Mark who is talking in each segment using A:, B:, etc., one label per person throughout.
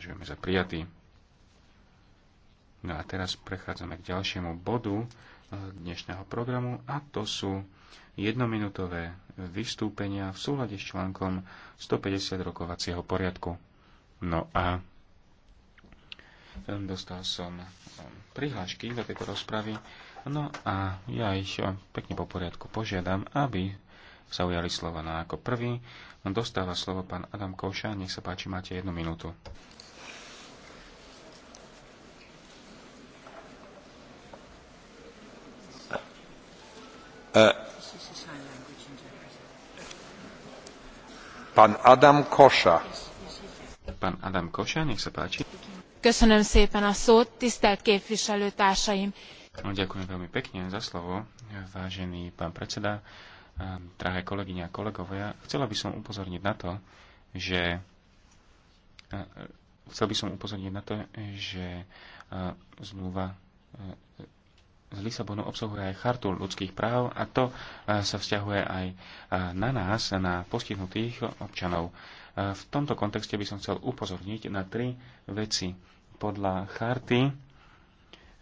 A: považujeme za prijatý. No a teraz prechádzame k ďalšiemu bodu e, dnešného programu a to sú jednominútové vystúpenia v súlade s článkom 150 rokovacieho poriadku. No a e, dostal som e, prihlášky do tejto rozpravy, no a ja ich pekne po poriadku požiadam, aby sa ujali slova. No ako prvý dostáva slovo pán Adam Koša, nech sa páči, máte jednu minútu. Uh, pán Adam Koša. Pán Adam Koša, nech sa páči.
B: Köszönöm szépen a szót, tisztelt képviselőtársaim!
A: No, ďakujem veľmi pekne za slovo, vážený pán predseda, drahé kolegyne a kolegovia. Chcela by som upozorniť na to, že chcel by som upozorniť na to, že zmluva z Lisabonu obsahuje aj chartu ľudských práv a to e, sa vzťahuje aj e, na nás, na postihnutých občanov. E, v tomto kontexte by som chcel upozorniť na tri veci. Podľa charty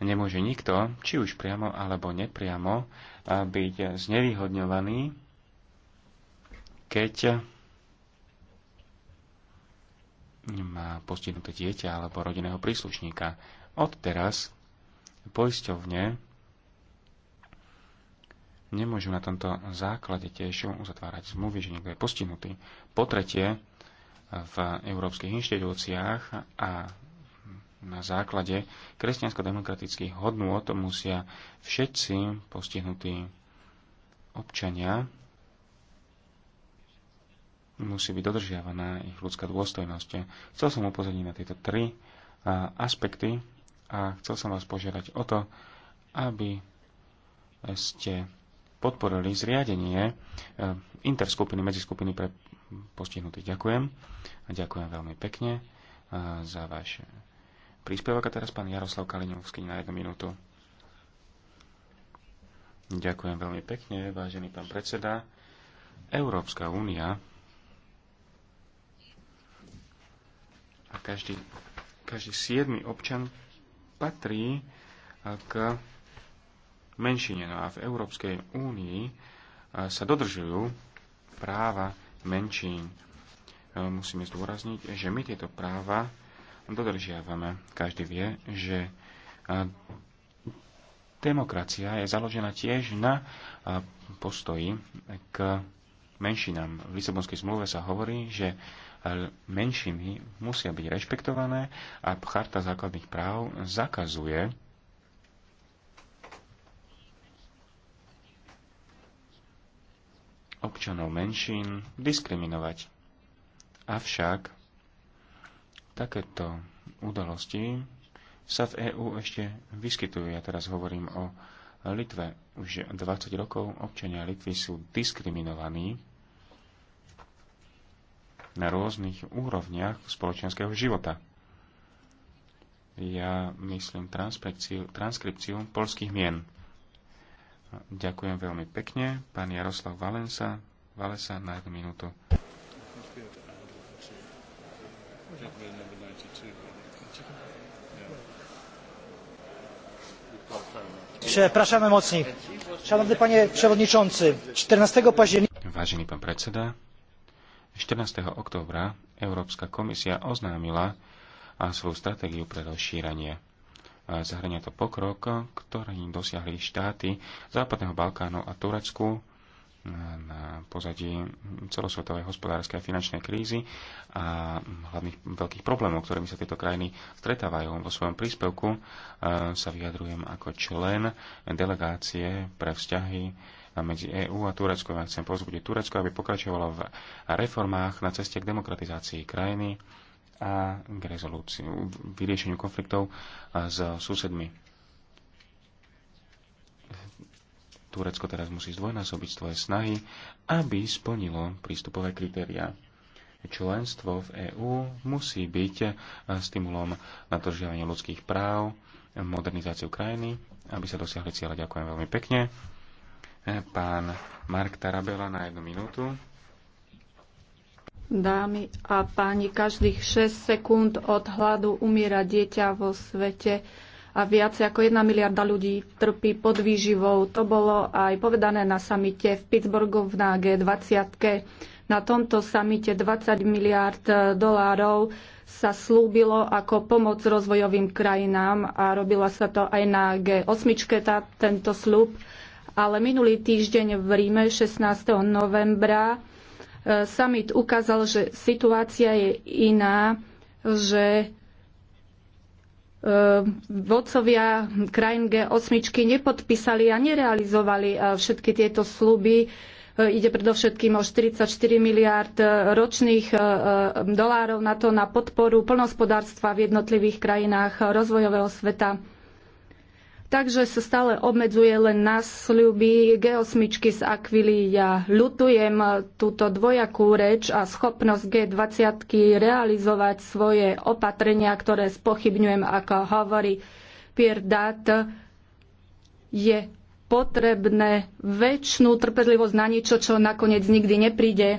A: nemôže nikto, či už priamo alebo nepriamo, byť znevýhodňovaný, keď má postihnuté dieťa alebo rodinného príslušníka. Od teraz poisťovne nemôžu na tomto základe tiež uzatvárať zmluvy, že niekto je postihnutý. Po tretie, v európskych inštitúciách a na základe kresťansko-demokratických hodnôt musia všetci postihnutí občania musí byť dodržiavaná ich ľudská dôstojnosť. Chcel som upozorniť na tieto tri aspekty a chcel som vás požiadať o to, aby ste podporili zriadenie e, interskupiny, medziskupiny pre postihnutých. Ďakujem. A ďakujem veľmi pekne e, za váš príspevok. A teraz pán Jaroslav Kalinovský na jednu minútu. Ďakujem veľmi pekne, vážený pán predseda. Európska únia a každý, každý siedmy občan patrí e, k menšine. No a v Európskej únii e, sa dodržujú práva menšín. E, musíme zdôrazniť, že my tieto práva dodržiavame. Každý vie, že e, demokracia je založená tiež na postoji k menšinám. V Lisabonskej zmluve sa hovorí, že menšiny musia byť rešpektované a Charta základných práv zakazuje občanov menšín diskriminovať. Avšak takéto udalosti sa v EÚ ešte vyskytujú. Ja teraz hovorím o Litve. Už 20 rokov občania Litvy sú diskriminovaní na rôznych úrovniach spoločenského života. Ja myslím transkripciu, transkripciu polských mien. Ďakujem veľmi pekne. Pán Jaroslav Valensa, Valesa na jednu minútu.
C: Przepraszamy mocniej. Šanovný panie przewodniczący, 14 października...
A: Vážený pán predseda, 14. októbra Európska komisia oznámila svoju stratégiu pre rozšírenie Zahrania to pokrok, ktorý dosiahli štáty Západného Balkánu a Turecku na pozadí celosvetovej hospodárskej a finančnej krízy a hlavných veľkých problémov, ktorými sa tieto krajiny stretávajú. Vo svojom príspevku e, sa vyjadrujem ako člen delegácie pre vzťahy medzi EÚ a Tureckom. Ja chcem pozbudiť Turecko, aby pokračovalo v reformách na ceste k demokratizácii krajiny a k rezolúciu, vyriešeniu konfliktov s susedmi. Turecko teraz musí zdvojnásobiť svoje snahy, aby splnilo prístupové kritériá. Členstvo v EÚ musí byť e, stimulom na držiavanie ľudských práv, modernizáciu krajiny, aby sa dosiahli cieľe. Ďakujem veľmi pekne. E, pán Mark Tarabela na jednu minútu.
B: Dámy a páni, každých 6 sekúnd od hladu umiera dieťa vo svete a viac ako 1 miliarda ľudí trpí pod výživou. To bolo aj povedané na samite v Pittsburghu na G20. Na tomto samite 20 miliard dolárov sa slúbilo ako pomoc rozvojovým krajinám a robila sa to aj na G8, tá, tento slúb. Ale minulý týždeň v Ríme 16. novembra E, summit ukázal, že situácia je iná, že e, vodcovia krajín G8 nepodpísali a nerealizovali e, všetky tieto sluby. Ide predovšetkým o 44 miliard ročných dolárov na to na podporu plnospodárstva v jednotlivých krajinách rozvojového sveta takže sa stále obmedzuje len na sľuby G8 z Akvily. Ja ľutujem túto dvojakú reč a schopnosť G20 realizovať svoje opatrenia, ktoré spochybňujem, ako hovorí Pierre Dat, je potrebné väčšinu trpezlivosť na niečo, čo nakoniec nikdy nepríde.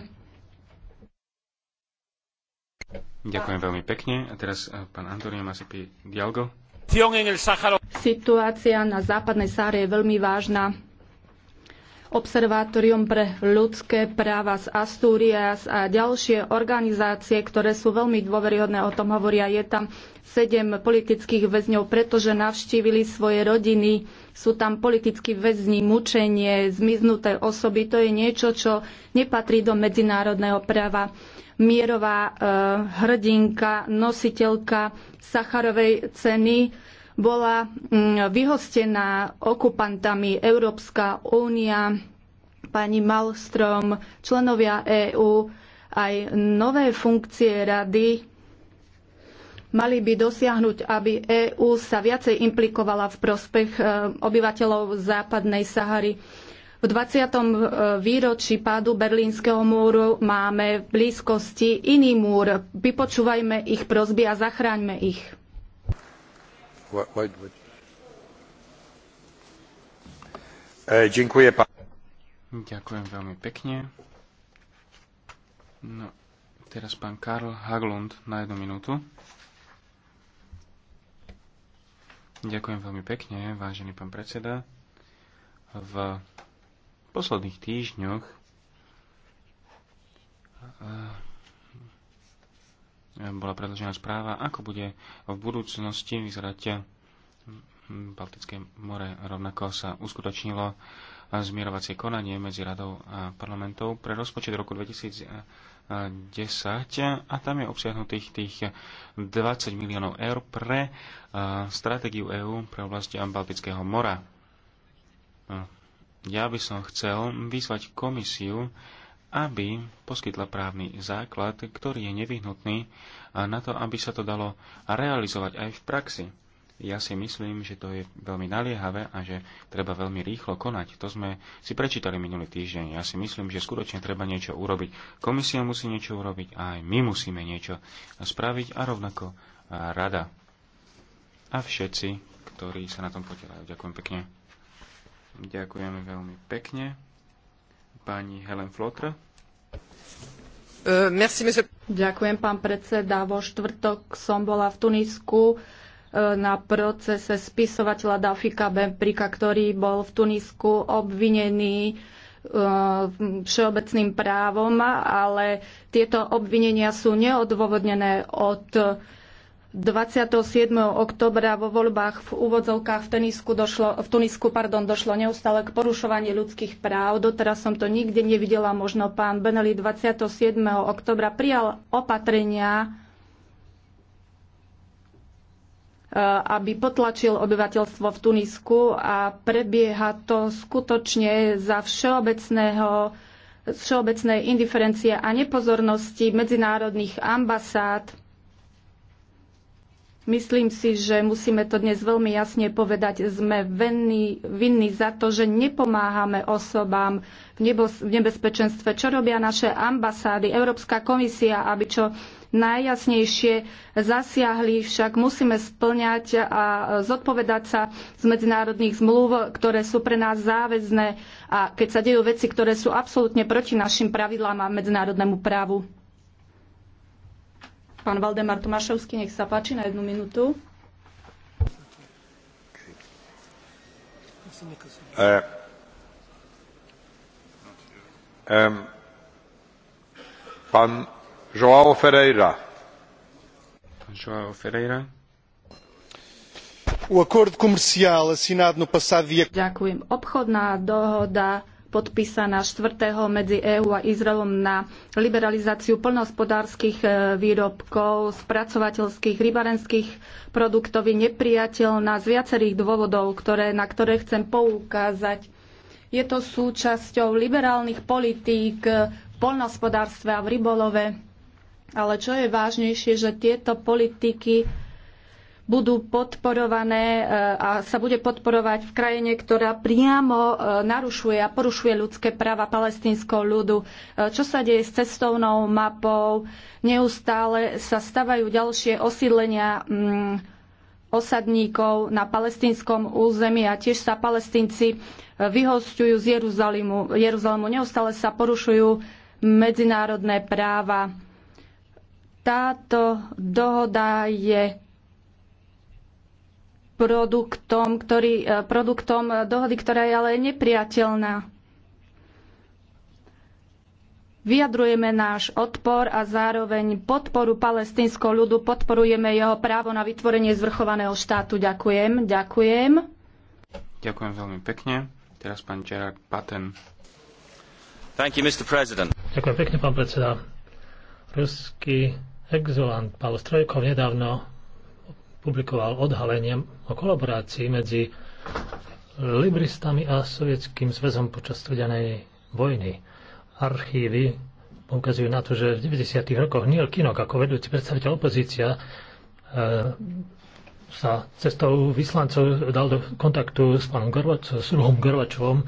A: Ďakujem veľmi pekne. A teraz eh, pán Antonio Masipi Dialgo.
B: Situácia na západnej Sáre je veľmi vážna. Observatórium pre ľudské práva z Astúrias a ďalšie organizácie, ktoré sú veľmi dôveryhodné, o tom hovoria. Je tam sedem politických väzňov, pretože navštívili svoje rodiny. Sú tam politickí väzni, mučenie, zmiznuté osoby. To je niečo, čo nepatrí do medzinárodného práva. Mierová e, hrdinka, nositeľka Sacharovej ceny bola mm, vyhostená okupantami Európska únia, pani Malstrom, členovia EÚ, aj nové funkcie rady mali by dosiahnuť, aby EÚ sa viacej implikovala v prospech e, obyvateľov západnej Sahary. V 20. E, výročí pádu Berlínskeho múru máme v blízkosti iný múr. Vypočúvajme ich prozby a zachráňme ich.
A: Eh, Ďakujem veľmi pekne. No, teraz pán Karl Haglund na jednu minútu. Ďakujem veľmi pekne, vážený pán predseda. V posledných týždňoch eh, bola predložená správa, ako bude v budúcnosti vyzerať Baltické more. Rovnako sa uskutočnilo zmierovacie konanie medzi radou a parlamentou pre rozpočet roku 2010 a tam je obsiahnutých tých 20 miliónov eur pre stratégiu EÚ pre oblasti Baltického mora. Ja by som chcel vyzvať komisiu, aby poskytla právny základ, ktorý je nevyhnutný na to, aby sa to dalo realizovať aj v praxi. Ja si myslím, že to je veľmi naliehavé a že treba veľmi rýchlo konať. To sme si prečítali minulý týždeň. Ja si myslím, že skutočne treba niečo urobiť. Komisia musí niečo urobiť a aj my musíme niečo spraviť a rovnako rada. A všetci, ktorí sa na tom podielajú. Ďakujem pekne. Ďakujem veľmi pekne pani Helen Flotr.
B: E, Ďakujem, pán predseda. Vo štvrtok som bola v Tunisku e, na procese spisovateľa Dafika Bemprika, ktorý bol v Tunisku obvinený e, všeobecným právom, ale tieto obvinenia sú neodôvodnené od 27. oktobra vo voľbách v úvodzovkách v, Tenisku došlo, v Tunisku pardon, došlo neustále k porušovaniu ľudských práv. Doteraz som to nikde nevidela. Možno pán Benelli 27. oktobra prijal opatrenia, e, aby potlačil obyvateľstvo v Tunisku a prebieha to skutočne za všeobecného, všeobecnej indiferencie a nepozornosti medzinárodných ambasád Myslím si, že musíme to dnes veľmi jasne povedať. Sme venní, vinní za to, že nepomáhame osobám v, nebo, v nebezpečenstve. Čo robia naše ambasády, Európska komisia, aby čo najjasnejšie zasiahli, však musíme splňať a zodpovedať sa z medzinárodných zmluv, ktoré sú pre nás záväzné a keď sa dejú veci, ktoré sú absolútne proti našim pravidlám a medzinárodnému právu. Pán Valdemar Tomašovský, nech sa páči na jednu minútu.
D: Uh, e, um, e, pán Joao Ferreira. Pán Joao
A: Ferreira.
B: O acordo comercial assinado no passado dia... Ďakujem. Obchodná dohoda podpísaná 4. medzi EÚ a Izraelom na liberalizáciu plnohospodárskych e, výrobkov, spracovateľských, rybarenských produktov je nepriateľná z viacerých dôvodov, ktoré, na ktoré chcem poukázať. Je to súčasťou liberálnych politík e, v polnohospodárstve a v rybolove. Ale čo je vážnejšie, že tieto politiky budú podporované e, a sa bude podporovať v krajine, ktorá priamo e, narušuje a porušuje ľudské práva palestínskeho ľudu. E, čo sa deje s cestovnou mapou? Neustále sa stavajú ďalšie osídlenia mm, osadníkov na palestínskom území a tiež sa palestínci vyhostujú z Jeruzalimu. Jeruzalemu neustále sa porušujú medzinárodné práva. Táto dohoda je produktom, ktorý, e, produktom dohody, ktorá je ale nepriateľná. Vyjadrujeme náš odpor a zároveň podporu palestínskeho ľudu, podporujeme jeho právo na vytvorenie zvrchovaného štátu. Ďakujem, ďakujem.
A: Ďakujem veľmi pekne. Teraz pán Gerard Patten. Thank you, Mr. President.
C: Ďakujem pekne, pán predseda. Ruský exulant Pal Strojkov nedávno publikoval odhalenie o kolaborácii medzi libristami a sovietským zväzom počas studenej vojny. Archívy poukazujú na to, že v 90. rokoch Neil Kinok ako vedúci predstaviteľ opozícia e, sa cestou vyslancov dal do kontaktu s pánom Gorvač, s Ruhom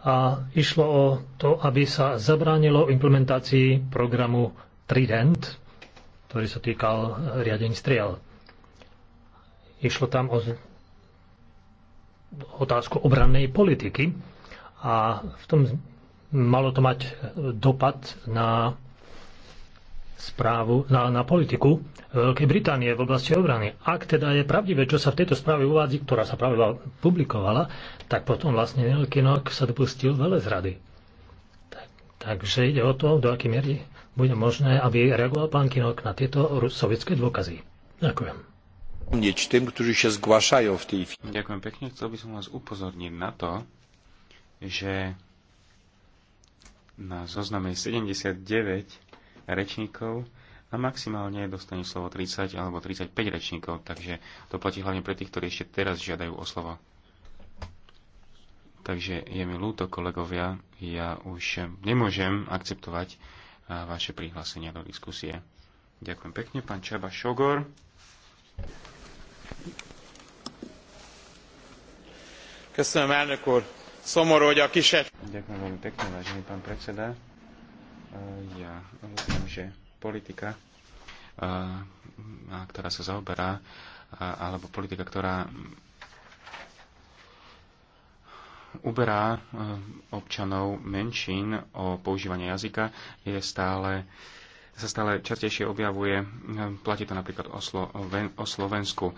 C: a išlo o to, aby sa zabránilo implementácii programu Trident, ktorý sa týkal riadení striel. Išlo tam o otázku obrannej politiky a v tom malo to mať e, dopad na správu, na, na politiku Veľkej Británie v oblasti obrany. Ak teda je pravdivé, čo sa v tejto správe uvádzi, ktorá sa práve publikovala, tak potom vlastne Neil Kinnock sa dopustil veľa zrady. Tak, takže ide o to, do akej miery bude možné, aby reagoval pán Kinnock na tieto sovietské dôkazy. Ďakujem.
A: Ďakujem pekne. Chcel by som vás upozorniť na to, že na zozname 79 rečníkov a maximálne dostane slovo 30 alebo 35 rečníkov, takže to platí hlavne pre tých, ktorí ešte teraz žiadajú o slovo. Takže je mi ľúto, kolegovia, ja už nemôžem akceptovať vaše prihlásenia do diskusie. Ďakujem pekne, pán Čaba Šogor. Szomorú, hogy a Ďakujem veľmi pekne, vážený pán predseda. Ja myslím, že politika, ktorá sa zaoberá, alebo politika, ktorá uberá občanov menšín o používanie jazyka, je stále sa stále častejšie objavuje. Platí to napríklad o, Slo- o Slovensku.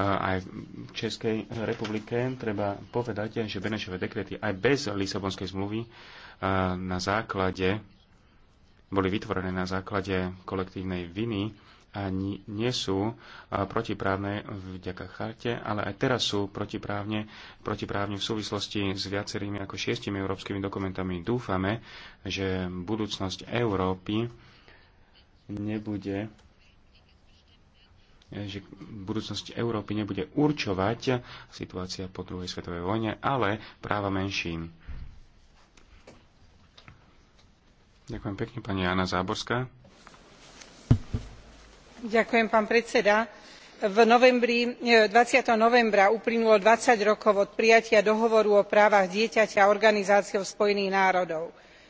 A: Aj v Českej republike treba povedať, že Benešové dekrety aj bez Lisabonskej zmluvy na základe boli vytvorené na základe kolektívnej viny a nie sú protiprávne vďaka charte, ale aj teraz sú protiprávne, protiprávne v súvislosti s viacerými ako šiestimi európskymi dokumentami. Dúfame, že budúcnosť Európy nebude že budúcnosti Európy nebude určovať situácia po druhej svetovej vojne, ale práva menšín. Ďakujem pekne, pani Jana Záborská.
D: Ďakujem, pán predseda. V novembri, 20. E, novembra uplynulo 20 rokov od prijatia dohovoru o právach dieťaťa Organizáciou spojených národov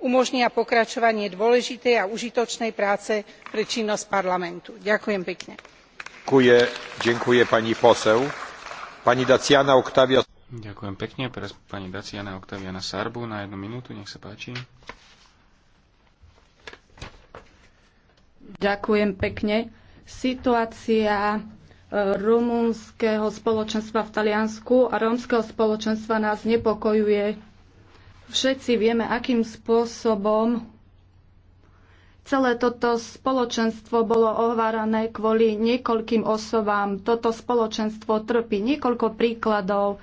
D: umožnia pokračovanie dôležitej a užitočnej práce pre činnosť parlamentu. ďakujem pekne.
A: Ďakujem pekne. Teraz pani Daciana Oktaviana Sarbu na jednu minútu, nech sa páči.
B: Ďakujem pekne. Situácia e, rumunského spoločenstva v Taliansku a rómskeho spoločenstva nás znepokojuje. Všetci vieme, akým spôsobom celé toto spoločenstvo bolo ohvárané kvôli niekoľkým osobám. Toto spoločenstvo trpí niekoľko príkladov.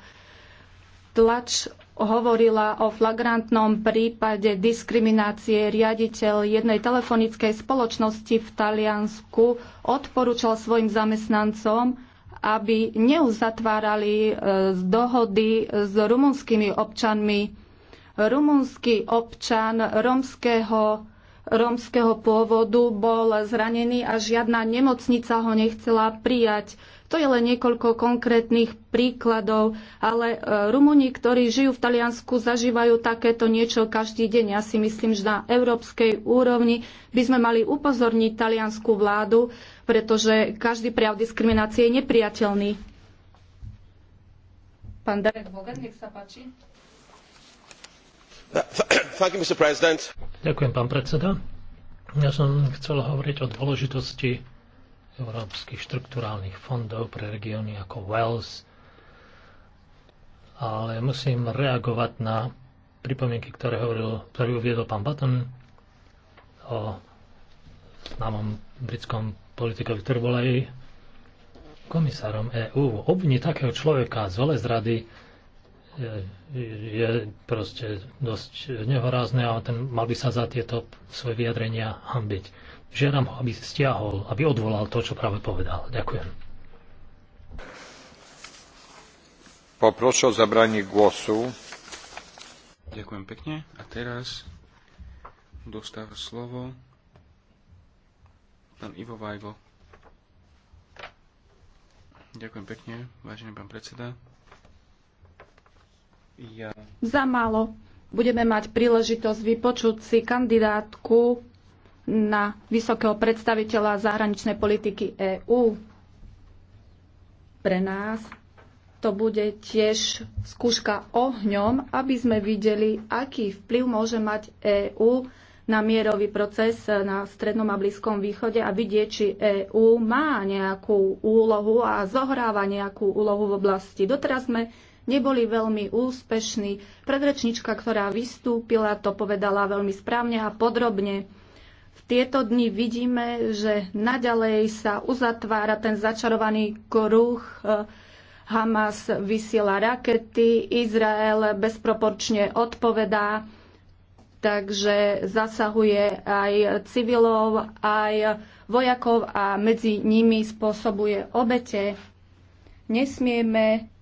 B: Tlač hovorila o flagrantnom prípade diskriminácie riaditeľ jednej telefonickej spoločnosti v Taliansku odporúčal svojim zamestnancom, aby neuzatvárali e, dohody s rumunskými občanmi rumunský občan romského, romského pôvodu bol zranený a žiadna nemocnica ho nechcela prijať. To je len niekoľko konkrétnych príkladov, ale e, Rumúni, ktorí žijú v Taliansku, zažívajú takéto niečo každý deň. Ja si myslím, že na európskej úrovni by sme mali upozorniť taliansku vládu, pretože každý prejav diskriminácie je nepriateľný. Pán Derek Bogan, nech sa páči.
C: Ďakujem, pán predseda. Ja som chcel hovoriť o dôležitosti európskych štrukturálnych fondov pre regióny ako Wales, ale musím reagovať na pripomienky, ktoré, hovoril, ktoré uviedol pán Button o známom britskom politikovi, ktorý bol aj komisárom EÚ. Obviní takého človeka z velezrady rady je proste dosť nehorázne a ten mal by sa za tieto svoje vyjadrenia hambiť. Žiadam ho, aby stiahol, aby odvolal to, čo práve povedal. Ďakujem. Poprošu o zabranie głosu.
A: Ďakujem pekne. A teraz dostáv slovo pán Ivo Vajgo. Ďakujem pekne, vážený pán predseda. Ja.
B: Za málo budeme mať príležitosť vypočuť si kandidátku na vysokého predstaviteľa zahraničnej politiky EÚ. Pre nás to bude tiež skúška ohňom, aby sme videli, aký vplyv môže mať EÚ na mierový proces na Strednom a Blízkom východe a vidieť, či EÚ má nejakú úlohu a zohráva nejakú úlohu v oblasti. Doteraz sme neboli veľmi úspešní. Predrečnička, ktorá vystúpila, to povedala veľmi správne a podrobne. V tieto dni vidíme, že naďalej sa uzatvára ten začarovaný kruh. E, Hamas vysiela rakety, Izrael bezproporčne odpovedá, takže zasahuje aj civilov, aj vojakov a medzi nimi spôsobuje obete. Nesmieme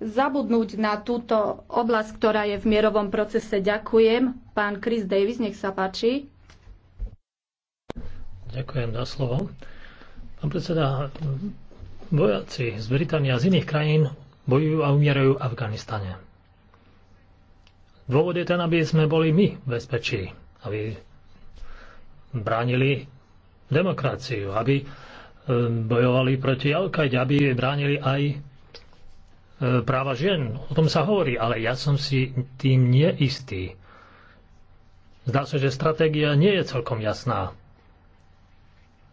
B: zabudnúť na túto oblasť, ktorá je v mierovom procese. Ďakujem. Pán Chris Davis, nech sa páči.
C: Ďakujem za slovo. Pán predseda, vojaci z Británie a z iných krajín bojujú a umierajú v Afganistane. Dôvod je ten, aby sme boli my v bezpečí, aby bránili demokraciu, aby eh, bojovali proti al aby bránili aj E, práva žien. O tom sa hovorí, ale ja som si tým neistý. Zdá sa, že stratégia nie je celkom jasná.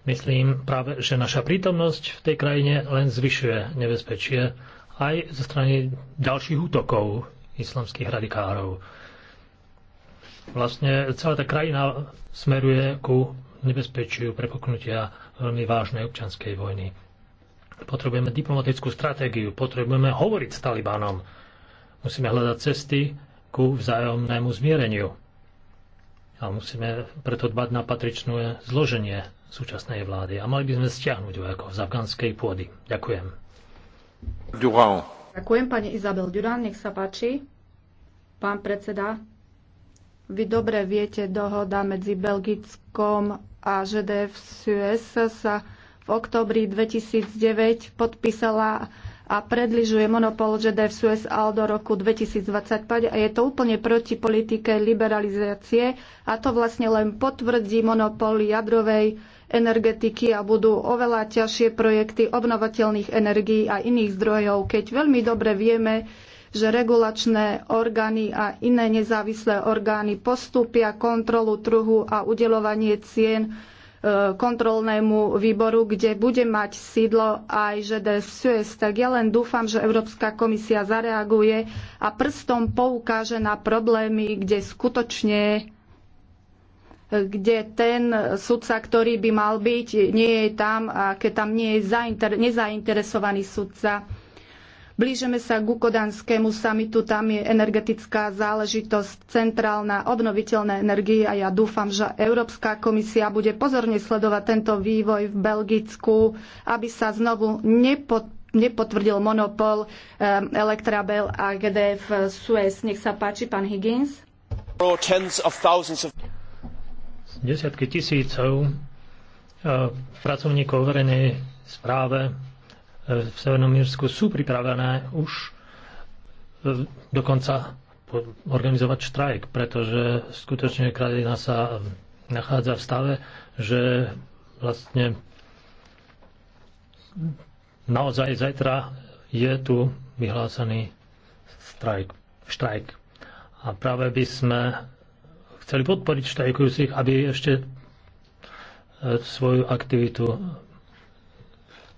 C: Myslím práve, že naša prítomnosť v tej krajine len zvyšuje nebezpečie aj zo strany ďalších útokov islamských radikárov. Vlastne celá tá krajina smeruje ku nebezpečiu prepoknutia veľmi vážnej občanskej vojny. Potrebujeme diplomatickú stratégiu, potrebujeme hovoriť s Talibanom. Musíme hľadať cesty ku vzájomnému zmiereniu. A musíme preto dbať na patričné zloženie súčasnej vlády. A mali by sme stiahnuť vojakov z afgánskej pôdy. Ďakujem. Durán.
B: Ďakujem pani Izabel Durán, nech sa páči. Pán predseda, vy dobre viete, dohoda medzi Belgickom a ždf Suez sa v oktobri 2009 podpísala a predližuje monopol GDF Suez al do roku 2025 a je to úplne proti politike liberalizácie a to vlastne len potvrdí monopol jadrovej energetiky a budú oveľa ťažšie projekty obnovateľných energií a iných zdrojov, keď veľmi dobre vieme, že regulačné orgány a iné nezávislé orgány postúpia kontrolu trhu a udelovanie cien kontrolnému výboru, kde bude mať sídlo aj ŽD Suez, tak ja len dúfam, že Európska komisia zareaguje a prstom poukáže na problémy, kde skutočne kde ten sudca, ktorý by mal byť, nie je tam a keď tam nie je nezainteresovaný sudca, Blížime sa k kodanskému samitu, tam je energetická záležitosť centrálna, obnoviteľné energie a ja dúfam, že Európska komisia bude pozorne sledovať tento vývoj v Belgicku, aby sa znovu nepod nepotvrdil monopol um, eh, Elektrabel a GDF Suez. Nech sa páči, pán Higgins.
C: Desiatky tisícov eh, pracovníkov verejnej správe v Severnom Mírsku sú pripravené už e, dokonca organizovať štrajk, pretože skutočne krajina sa nachádza v stave, že vlastne naozaj zajtra je tu vyhlásený strajk, štrajk. A práve by sme chceli podporiť štrajkujúcich, aby ešte e, svoju aktivitu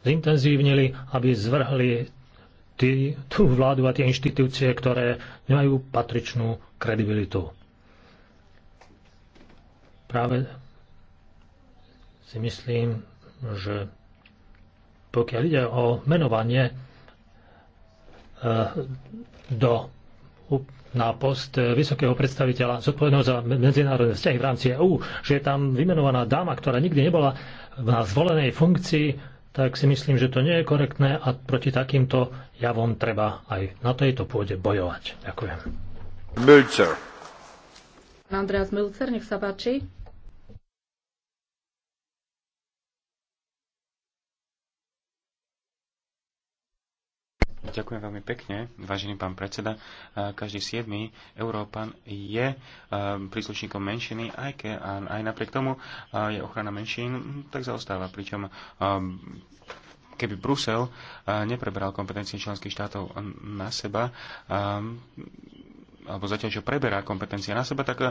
C: zintenzívnili, aby zvrhli tý, tú vládu a tie inštitúcie, ktoré nemajú patričnú kredibilitu. Práve si myslím, že pokiaľ ide o menovanie eh, do, na post vysokého predstaviteľa zodpovedného za medzinárodné vzťahy v rámci EU, že je tam vymenovaná dáma, ktorá nikdy nebola na zvolenej funkcii, tak si myslím, že to nie je korektné a proti takýmto javom treba aj na tejto pôde bojovať. Ďakujem.
B: Andreas milcer, nech sa páči.
A: Ďakujem veľmi pekne, vážený pán predseda. Každý siedmy Európan je príslušníkom menšiny, aj, ke, aj napriek tomu je ochrana menšín, tak zaostáva. Pričom keby Brusel neprebral kompetencie členských štátov na seba, alebo zatiaľ, čo preberá kompetencie na seba, tak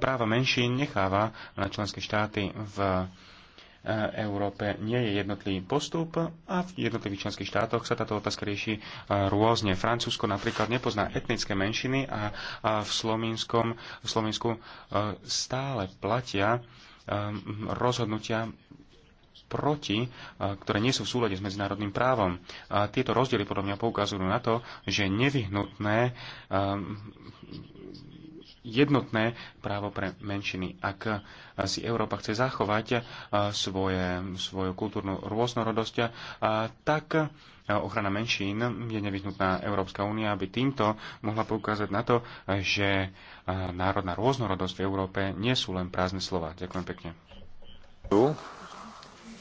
A: práva menšín necháva na členské štáty v Eh, Európe nie je jednotlivý postup a v jednotlivých členských štátoch sa táto otázka rieši eh, rôzne. Francúzsko napríklad nepozná etnické menšiny a v, Slovinskom, v Slovensku eh, stále platia rozhodnutia proti, ktoré nie sú v súlade s medzinárodným právom. A tieto rozdiely podľa mňa poukazujú na to, že nevyhnutné nevyhnutné jednotné právo pre menšiny. Ak si Európa chce zachovať eh, svoje, svoju kultúrnu rôznorodosť, eh, tak eh, ochrana menšín je nevyhnutná Európska únia, aby týmto mohla poukázať na to, že národná rôznorodosť v Európe nie sú len prázdne slova. Ďakujem pekne.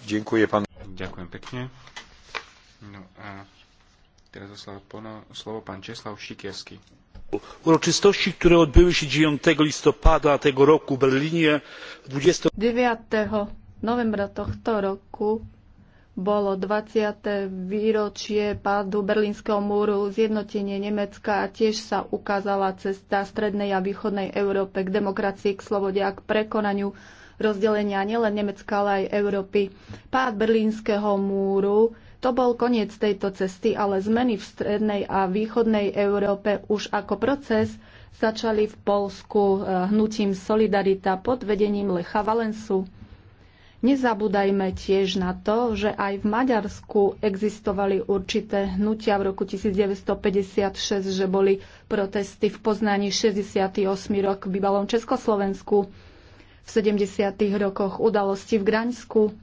A: Ďakujem, pán... Ďakujem pekne. No a teraz slovo, slovo pán Česlav Šikersky
B: uroczystości które odbyły się dziewięć listopada tego roku w berlíne. 9. novembra tohto roku bolo 20. výročie pádu Berlínskeho múru, zjednotenie Nemecka a tiež sa ukázala cesta strednej a východnej Európe k demokracii, k slobode a k prekonaniu rozdelenia nielen Nemecka, ale aj Európy. Pád Berlínskeho múru to bol koniec tejto cesty, ale zmeny v strednej a východnej Európe už ako proces začali v Polsku eh, hnutím Solidarita pod vedením Lecha Valensu. Nezabúdajme tiež na to, že aj v Maďarsku existovali určité hnutia v roku 1956, že boli protesty v poznaní 68. rok v bývalom Československu, v 70. rokoch udalosti v Graňsku,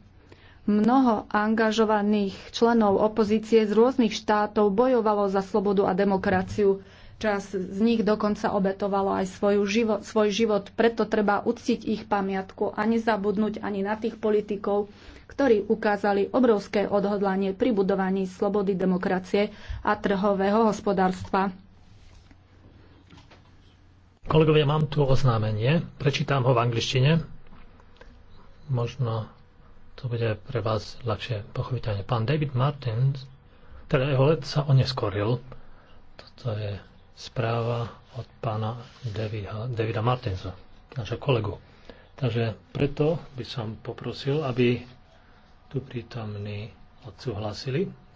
B: Mnoho angažovaných členov opozície z rôznych štátov bojovalo za slobodu a demokraciu. Čas z nich dokonca obetovalo aj svoju živo, svoj život, preto treba uctiť ich pamiatku a nezabudnúť ani na tých politikov, ktorí ukázali obrovské odhodlanie pri budovaní slobody, demokracie a trhového hospodárstva.
C: Kolegovia, mám tu oznámenie. Prečítam ho v angličtine. Možno to bude pre vás ľahšie pochopiteľne. Pán David Martins, teda jeho let sa oneskoril. Toto je správa od pána Davida, Davida Martinsa, našho kolegu. Takže preto by som poprosil, aby tu prítomní odsúhlasili